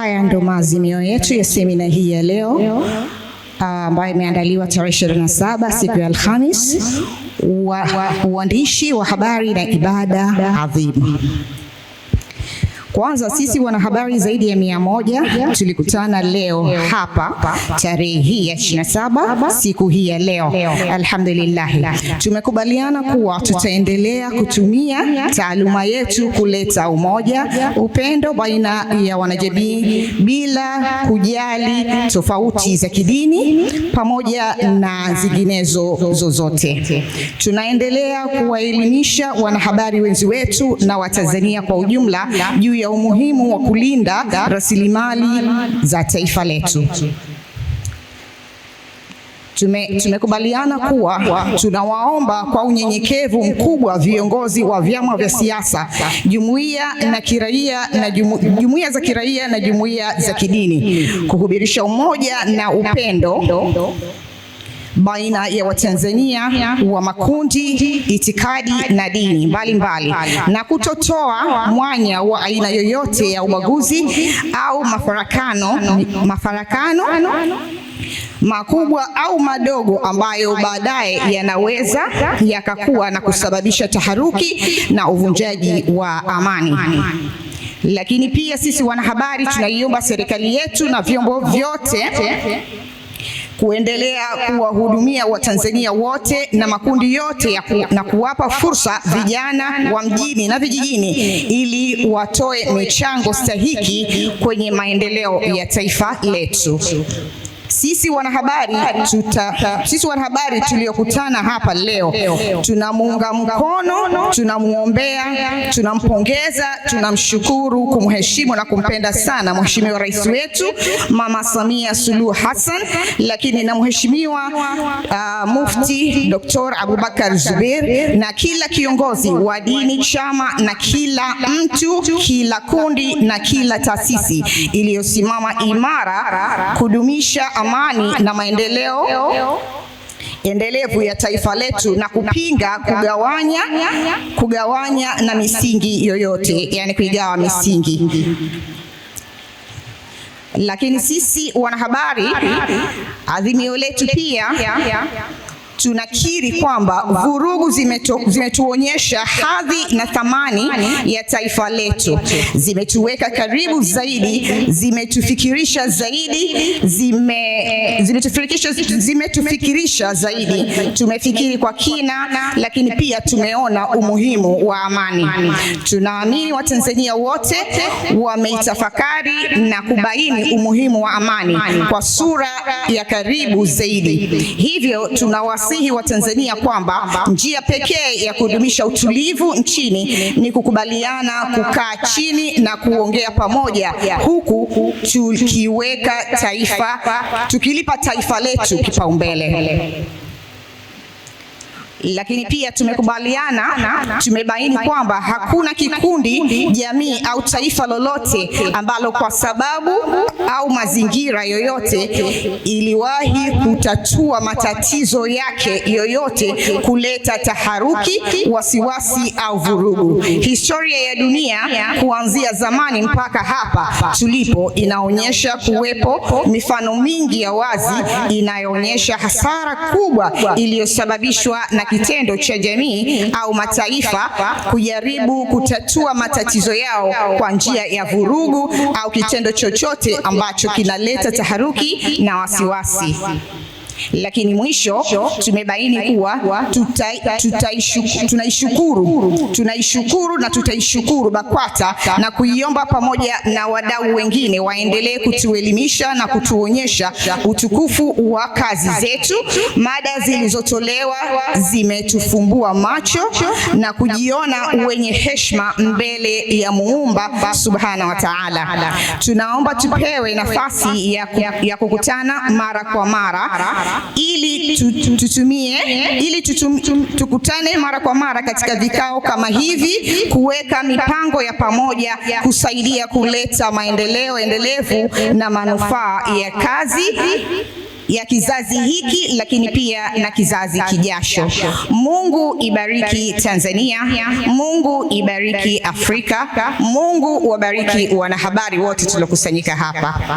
Haya ndio maazimio yetu ya semina hii ya leo ah, ambayo imeandaliwa tarehe 27 siku ya Alhamis, uandishi wa habari na ibada adhimu. Kwanza sisi wanahabari zaidi ya mia moja tulikutana leo hapa tarehe hii ya saba siku hii ya leo. Alhamdulillah, tumekubaliana kuwa tutaendelea kutumia taaluma yetu kuleta umoja, upendo baina ya wanajamii bila kujali tofauti za kidini pamoja na zinginezo zozote. Tunaendelea kuwaelimisha wanahabari wenzi wetu na Watanzania kwa ujumla juu ya umuhimu wa kulinda rasilimali za taifa letu. Tume, tumekubaliana kuwa tunawaomba kwa unyenyekevu mkubwa viongozi wa vyama vya siasa, jumuiya na kiraia na jumu, jumuiya za kiraia na jumuiya za kidini kuhubirisha umoja na upendo baina ya Watanzania wa makundi, itikadi na dini mbalimbali na kutotoa mwanya wa aina yoyote ya ubaguzi au mafarakano mafarakano makubwa au madogo ambayo baadaye yanaweza yakakuwa na kusababisha taharuki na uvunjaji wa amani. Lakini pia sisi wanahabari tunaiomba serikali yetu na vyombo vyote kuendelea kuwahudumia Watanzania wote na makundi yote ya ku, na kuwapa fursa vijana wa mjini na vijijini ili watoe michango stahiki kwenye maendeleo ya taifa letu. Sisi wanahabari tuta, sisi wanahabari tuliokutana hapa leo tunamuunga mkono, tunamuombea, tunampongeza, tunamshukuru, kumheshimu na kumpenda sana mheshimiwa rais wetu Mama Samia Suluhu Hassan, lakini na mheshimiwa uh, Mufti Dr. Abubakar Zubeir na kila kiongozi wa dini, chama na kila mtu, kila kundi na kila taasisi iliyosimama imara kudumisha amani amani na maendeleo endelevu ya taifa letu na kupinga kugawanya kugawanya na misingi yoyote, yani kuigawa misingi. Lakini sisi wanahabari, adhimio letu pia tunakiri kwamba vurugu zimetuonyesha hadhi na thamani ya taifa letu, zimetuweka karibu zaidi, zimetufikirisha zaidi, zimetufikirisha zimetufikirisha zaidi. Tumefikiri kwa kina, lakini pia tumeona umuhimu wa amani. Tunaamini Watanzania wote wameitafakari na kubaini umuhimu wa amani kwa sura ya karibu zaidi, hivyo tunawasa wa Watanzania kwamba njia pekee ya kudumisha utulivu nchini ni kukubaliana kukaa chini na kuongea pamoja, huku tukiweka taifa tukilipa taifa letu kipaumbele. Lakini pia tumekubaliana, tumebaini kwamba hakuna kikundi, jamii au taifa lolote ambalo kwa sababu au mazingira yoyote iliwahi kutatua matatizo yake yoyote kuleta taharuki, wasiwasi au vurugu. Historia ya dunia kuanzia zamani mpaka hapa tulipo inaonyesha kuwepo mifano mingi ya wazi inayoonyesha hasara kubwa iliyosababishwa na kitendo cha jamii au mataifa kujaribu kutatua matatizo yao kwa njia ya vurugu au kitendo chochote ambacho kinaleta taharuki na wasiwasi lakini mwisho tumebaini kuwa tunaishukuru tunaishukuru na tutaishukuru BAKWATA na kuiomba pamoja na wadau wengine waendelee kutuelimisha na kutuonyesha utukufu wa kazi zetu. Mada zilizotolewa zimetufumbua macho na kujiona wenye heshima mbele ya Muumba subhana wa taala. Tunaomba tupewe nafasi ya kukutana mara kwa mara ili tutumie, ili tukutane mara kwa mara katika vikao kama hivi, kuweka mipango ya pamoja kusaidia kuleta maendeleo endelevu na manufaa ya kazi ya kizazi hiki lakini pia na kizazi kijasho. Mungu ibariki Tanzania, Mungu ibariki Afrika, Mungu wabariki wanahabari wote tuliokusanyika hapa.